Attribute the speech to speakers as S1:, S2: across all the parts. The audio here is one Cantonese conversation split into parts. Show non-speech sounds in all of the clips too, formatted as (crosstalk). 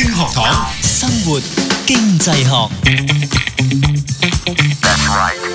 S1: 星學堂，生，ng，生活經濟學。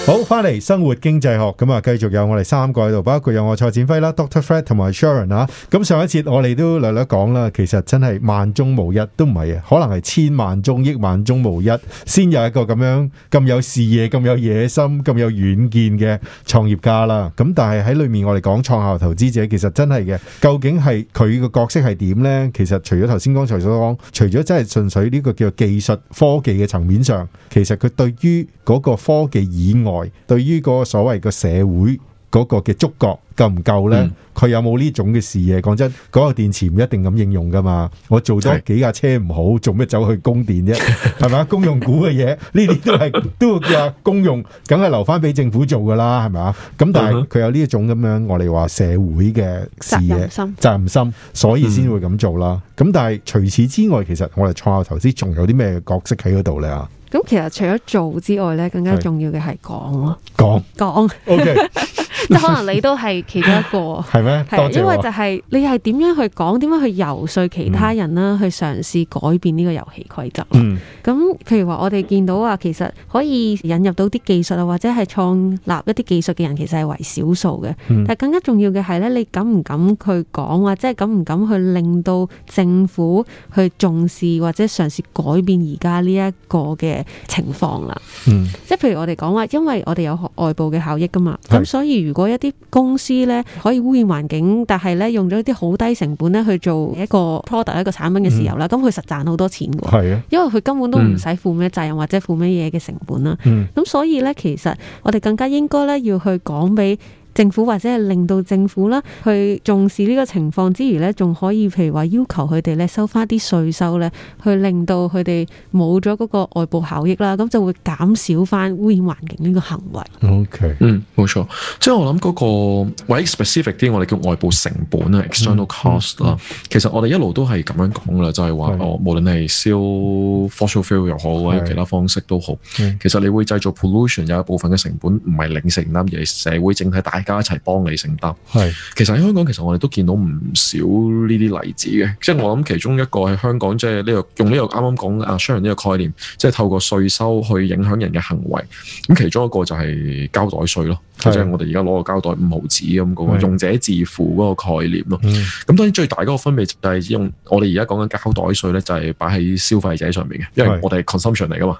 S1: 好，翻嚟生活經濟學，咁啊，繼續有我哋三個喺度，包括有我蔡展輝啦，Doctor Fred 同埋 Sharon 啊。咁上一節我哋都略略講啦，其實真係萬中無一都唔係啊，可能係千萬中億萬中無一，先有一個咁樣咁有視野、咁有野心、咁有遠見嘅創業家啦。咁但係喺裏面我哋講創效投資者，其實真係嘅，究竟係佢個角色係點呢？其實除咗頭先剛才所講，除咗真係純粹呢個叫做技術科技嘅層面上，其實佢對於嗰個科技。以外，對於個所謂個社會嗰個嘅觸覺夠唔夠呢？佢、嗯、有冇呢種嘅視野？講真，嗰、那個電池唔一定咁應用噶嘛。我做多幾架車唔好，做咩走去供電啫？係咪啊？公用股嘅嘢，呢啲都係都會叫啊公用，梗係留翻俾政府做噶啦，係咪啊？咁但係佢、嗯嗯、有呢一種咁樣，我哋話社會嘅事業心、責任心，所以先會咁做啦。咁、嗯、但係除此之外，其實我哋創效投資仲有啲咩角色喺嗰度呢？啊？
S2: 咁其實除咗做之外咧，更加重要嘅係講咯，講講。OK. 即 (laughs) 可能你都係其中一個，係咩 (laughs) 嗎？係、啊、因為就係你係點樣去講，點 (laughs) 樣去遊說其他人啦，去嘗試改變呢個遊戲規則。咁、嗯、譬如話，我哋見到啊，其實可以引入到啲技術啊，或者係創立一啲技術嘅人，其實係為少數嘅。嗯、但係更加重要嘅係咧，你敢唔敢去講啊？即係敢唔敢去令到政府去重視或者嘗試改變而家呢一個嘅情況啦？嗯、即係譬如我哋講話，因為我哋有外部嘅效益噶嘛，咁的所以如如果一啲公司咧可以污染環境，但係咧用咗一啲好低成本咧去做一個 product 一個產品嘅時候啦，咁佢實賺好多錢嘅，嗯、因為佢根本都唔使負咩責任或者負咩嘢嘅成本啦。咁、嗯、所以咧，其實我哋更加應該咧要去講俾政府或者係令到政府啦去重視呢個情況之餘咧，仲可以譬如話要求佢哋咧收翻啲稅收咧，去令到佢哋冇咗嗰個外部效益啦，咁就會減少翻污染環境呢個行為。
S3: OK，嗯，冇錯，
S2: 即係我諗嗰、那
S3: 個為 specific 啲，我哋叫外部成本啊，external cost 啦。嗯嗯、其實我哋一路都係咁樣講啦，就係話我無論係燒 f u 燃料又好或者其他方式都好，的嗯、其實你會製造 pollution 有一部分嘅成本唔係零承擔，而係社會整體大。大家一齊幫你承擔，係是其實喺香港，其實我哋都見到唔少呢啲例子嘅，即、就、係、是、我諗其中一個喺香港，即係呢個用呢個啱啱講嘅啊 sharing 呢個概念，即、就、係、是、透過稅收去影響人嘅行為。咁其中一個就係膠袋稅咯，即係是我哋而家攞個膠袋五毫紙咁個用者自付嗰個概念咯。咁是當然最大嗰個分別就係用我哋而家講緊膠袋稅咧，就係擺喺消費者上面嘅，因為我哋係 consumption 嚟噶嘛，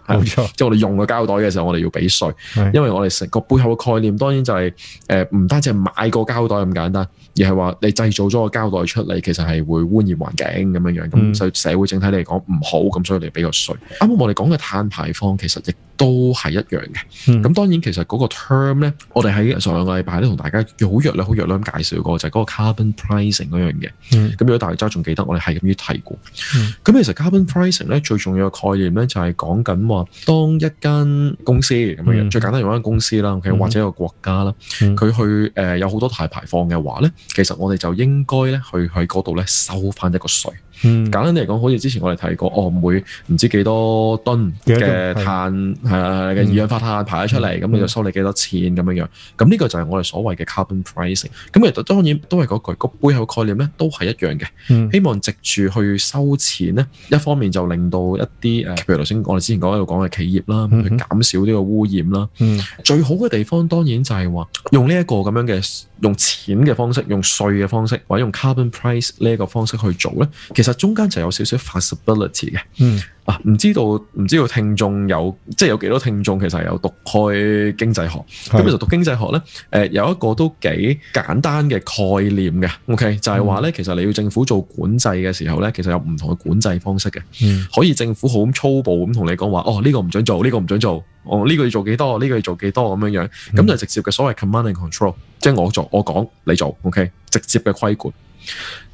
S3: 即係我哋用個膠袋嘅時候我，我哋要俾稅，是因為我哋成個背後嘅概念，當然就係、是、誒。呃呃唔單止係買個膠袋咁簡單，而係話你製造咗個膠袋出嚟，其實係會污染環境咁樣樣，嗯、社會整體嚟講唔好，咁所以你俾個稅。啱啱我哋講嘅碳排放其實亦，都係一樣嘅，咁、嗯、當然其實嗰個 term 咧，我哋喺上兩個禮拜都同大家好弱咧、好弱咧咁介紹過，就係、是、嗰個 carbon pricing 嗰樣嘢。咁、嗯、如果大家仲記得，我哋係咁樣睇過。咁、嗯、其實 carbon pricing 咧最重要嘅概念咧就係講緊話，當一間公司咁樣，嗯、最簡單用一間公司啦，嗯、或者一個國家啦，佢、嗯、去誒、呃、有好多大排放嘅話咧，其實我哋就應該咧去喺嗰度咧收翻一個稅。嗯、簡單啲嚟講，好似之前我哋提過，我、哦、每唔知幾多噸嘅碳，係啦係嘅二氧化碳排咗出嚟，咁、嗯、你就收你幾多錢咁樣、嗯、樣。咁、這、呢個就係我哋所謂嘅 carbon pricing。咁其實當然都係嗰句，個背後概念咧都係一樣嘅。嗯、希望藉住去收錢咧，一方面就令到一啲誒，譬如頭先我哋之前講喺度講嘅企業啦，嗯、去減少呢個污染啦。嗯嗯、最好嘅地方當然就係話，用呢一個咁樣嘅，用錢嘅方式，用稅嘅方式，或者用 carbon price 呢一個方式去做咧。其實。其實中間就有少少 feasibility 嘅，嗯啊，唔知道唔知道聽眾有，即係有幾多聽眾其實有讀開經濟學，咁其實讀經濟學咧，誒、呃、有一個都幾簡單嘅概念嘅，OK、嗯、就係話咧，其實你要政府做管制嘅時候咧，其實有唔同嘅管制方式嘅，嗯、可以政府好粗暴咁同你講話，哦呢、這個唔准做，呢、這個唔准做，哦呢、這個要做幾多，呢、這個要做幾多咁、這個、樣樣，咁、嗯、就直接嘅所謂 command and control，即係我做我講你做，OK，直接嘅規管。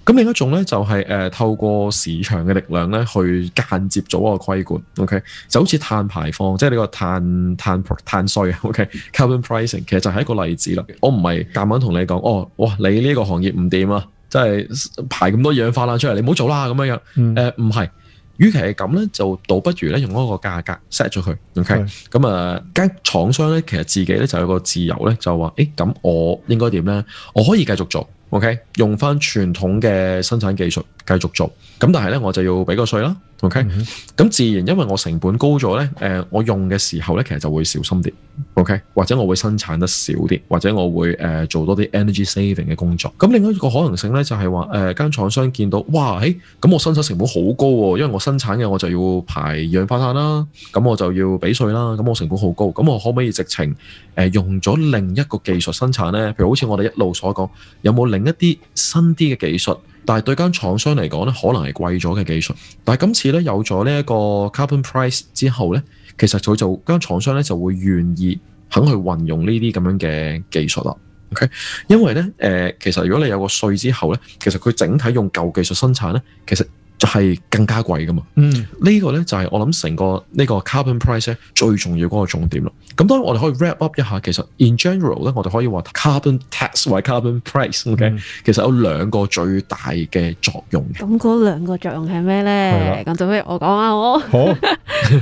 S3: 咁另一種咧，就係、是、誒、呃、透過市場嘅力量咧，去間接做一個規管，OK，就好似碳排放，即係你個碳碳碳稅，OK，Carbon、okay? Pricing，其實就係一個例子啦。我唔係夾硬同你講，哦，哇，你呢個行業唔掂啊，即係排咁多二氧化碳出嚟，你唔好做啦，咁樣、嗯呃、咁樣，誒，唔係，與其係咁咧，就倒不如咧用嗰個價格 set 咗佢，OK，咁啊是，間廠、呃、商咧，其實自己咧就有個自由咧，就話，誒、欸，咁我應該點咧？我可以繼續做。OK，用返傳統嘅生產技術。繼續做，咁但係呢，我就要俾個稅啦，OK？咁、嗯、哼自然因為我成本高咗呢，誒、呃、我用嘅時候呢，其實就會小心啲，OK？或者我會生產得少啲，或者我會誒、呃、做多啲 energy saving 嘅工作。咁另一個可能性呢，就係、是、話，誒間廠商見到，哇，咁、欸、我生產成本好高，啊，因為我生產嘅我就要排二氧化碳啦、啊，咁我就要俾稅啦，咁我成本好高，咁我可唔可以直情誒、呃、用咗另一個技術生產呢？譬如好似我哋一路所講，有冇另一啲新啲嘅技術？但係對間廠商嚟講咧，可能係貴咗嘅技術。但係今次咧，有咗呢一個 carbon price 之後咧，其實佢就間廠商咧就會願意肯去運用呢啲咁樣嘅技術啦。OK，因為咧誒、呃，其實如果你有個稅之後咧，其實佢整體用舊技術生產咧，其實。就係更加貴噶嘛，嗯，呢個咧就係我諗成個呢、就是個，這個 carbon price 咧最重要嗰個重點咯。咁當然我哋可以 wrap up 一下，其實 in general 咧，我哋可以話 carbon tax 或 carbon price，OK，okay? 嗯、其實有兩個最大嘅作用
S2: 嘅。咁嗰兩個作用係咩咧？咁做咩我講下我？
S1: 好。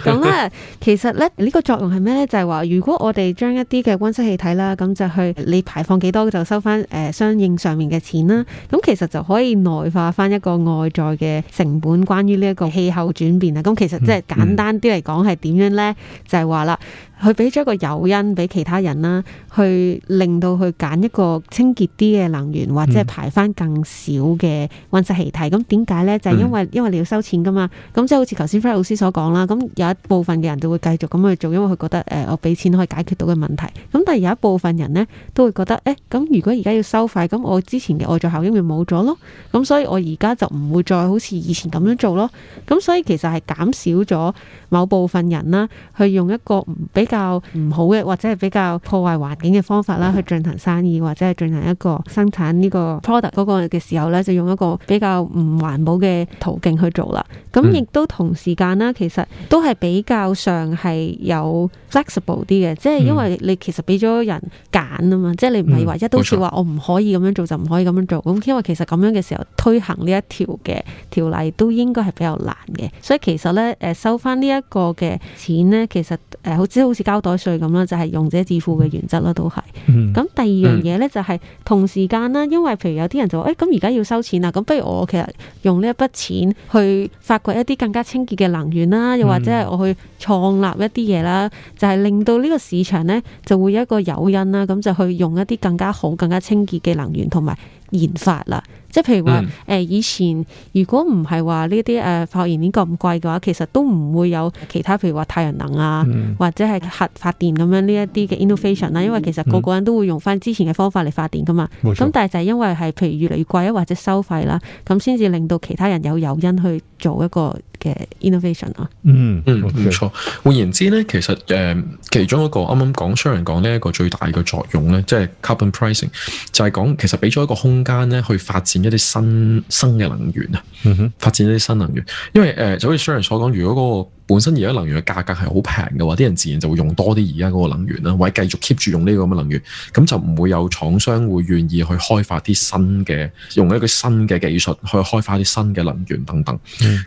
S1: 咁咧，
S2: 其實咧呢、這個作用係咩咧？就係、是、話如果我哋將一啲嘅温室氣體啦，咁就去你排放幾多就收翻誒、呃呃、相應上面嘅錢啦。咁其實就可以內化翻一個外在嘅本關於呢一個氣候轉變啊，咁其實即係簡單啲嚟講係點樣呢？嗯、就係話啦，佢俾咗一個誘因俾其他人啦，去令到佢揀一個清潔啲嘅能源，或者排翻更少嘅溫室氣體。咁點解呢？就係、是，因為因為你要收錢噶嘛。咁即係好似頭先 Frank 老師所講啦。咁有一部分嘅人就會繼續咁去做，因為佢覺得誒、呃，我俾錢可以解決到嘅問題。咁但係有一部分人呢，都會覺得誒，咁、欸、如果而家要收費，咁我之前嘅外在效應咪冇咗咯？咁所以我而家就唔會再好似以前咁樣做咯，咁所以其實係減少咗某部分人啦，去用一個比較唔好嘅，或者係比較破壞環境嘅方法啦，去進行生意或者係進行一個生產呢個 product 嗰個嘅時候咧，就用一個比較唔環保嘅途徑去做啦。咁亦都同時間啦，其實都係比較上係有 flexible 啲嘅，即係因為你其實俾咗人揀啊嘛，即係你唔係話一刀切話我唔可以咁樣做就唔可以咁樣做。咁因為其實咁樣嘅時候推行呢一條嘅條例。都應該係比較難嘅，所以其實咧，誒收翻呢一個嘅錢咧，其實誒，好似好似膠袋稅咁啦，就係、是、用者自付嘅原則啦，都係。
S1: 咁、嗯、第二樣嘢
S2: 咧，就係、是、同時間啦，因為譬如有啲人就誒，咁而家要收錢啦，咁不如我其實用呢一筆錢去發掘一啲更加清潔嘅能源啦，又或者係我去創立一啲嘢啦，嗯、就係令到呢個市場咧就會有一個誘因啦，咁就去用一啲更加好、更加清潔嘅能源同埋研發啦。即係譬如話，誒、嗯、以前如果唔係話呢啲誒化學燃料咁貴嘅話，其實都唔會有其他，譬如話太陽能啊，嗯、或者係核發電咁樣呢一啲嘅 innovation 啦、啊。因為其實個個人都會用返之前嘅方法嚟發電噶嘛。咁、嗯嗯、但係就係因為係譬如越嚟越貴啊，或者收費啦，咁先至令到其他人有誘因去做一個嘅 innovation 咯，嗯
S3: 嗯，冇錯 Okay.。換言之呢，其實誒、呃、其中一個啱啱講，Sharon 講呢一個最大嘅作用呢，即、就、係、是、carbon pricing，就係講其實俾咗一個空間呢，去發展一啲新新嘅能源啊，哼、mm，hmm. 發展一啲新能源，因為誒、呃，就好似 Sharon 所講，如果、那個本身而家能源嘅價格係好平嘅話，啲人自然就會用多啲而家嗰個能源啦，或者繼續 keep 住用呢個咁嘅能源，咁就唔會有廠商會願意去開發啲新嘅，用一個新嘅技術去開發啲新嘅能源等等。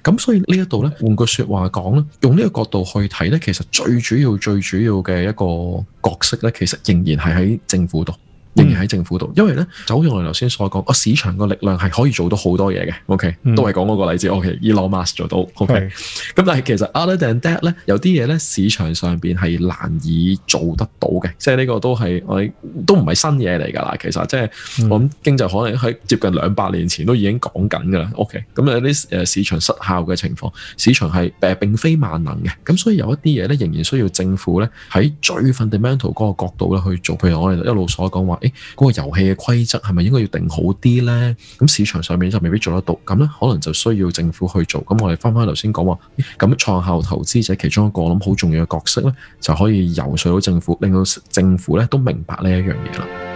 S3: 咁所以呢一度咧，換句說話講咧，用呢個角度去睇咧，其實最主要最主要嘅一個角色咧，其實仍然係喺政府度。仍然喺政府度，因為咧，就好似我哋頭先所講，個、哦、市場個力量係可以做到好多嘢嘅。OK，、嗯、都係講嗰個例子。OK，e、okay? Elon Musk 做到。OK，咁是但係其實 other than that 咧，有啲嘢咧，市場上邊係難以做得到嘅。即係呢個都係我哋都唔係新嘢嚟㗎啦。其實即係、嗯、我諗經濟可能喺接近兩百年前都已經講緊㗎啦。OK，咁有啲誒市場失效嘅情況，市場係並並非萬能嘅。咁所以有一啲嘢咧，仍然需要政府咧喺最 fundamental 嗰個角度咧去做。譬如我哋一路所講話說。誒，嗰、那個遊戲嘅規則係咪應該要定好啲呢？咁市場上面就未必做得到，咁呢，可能就需要政府去做。咁我哋返返頭先講話，咁創效投資者其中一個諗好重要嘅角色呢，就可以游說到政府，令到政府呢都明白呢一樣嘢啦。